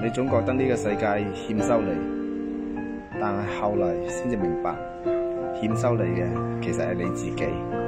你總覺得呢個世界欠收你，但係後嚟先至明白，欠收你嘅其實係你自己。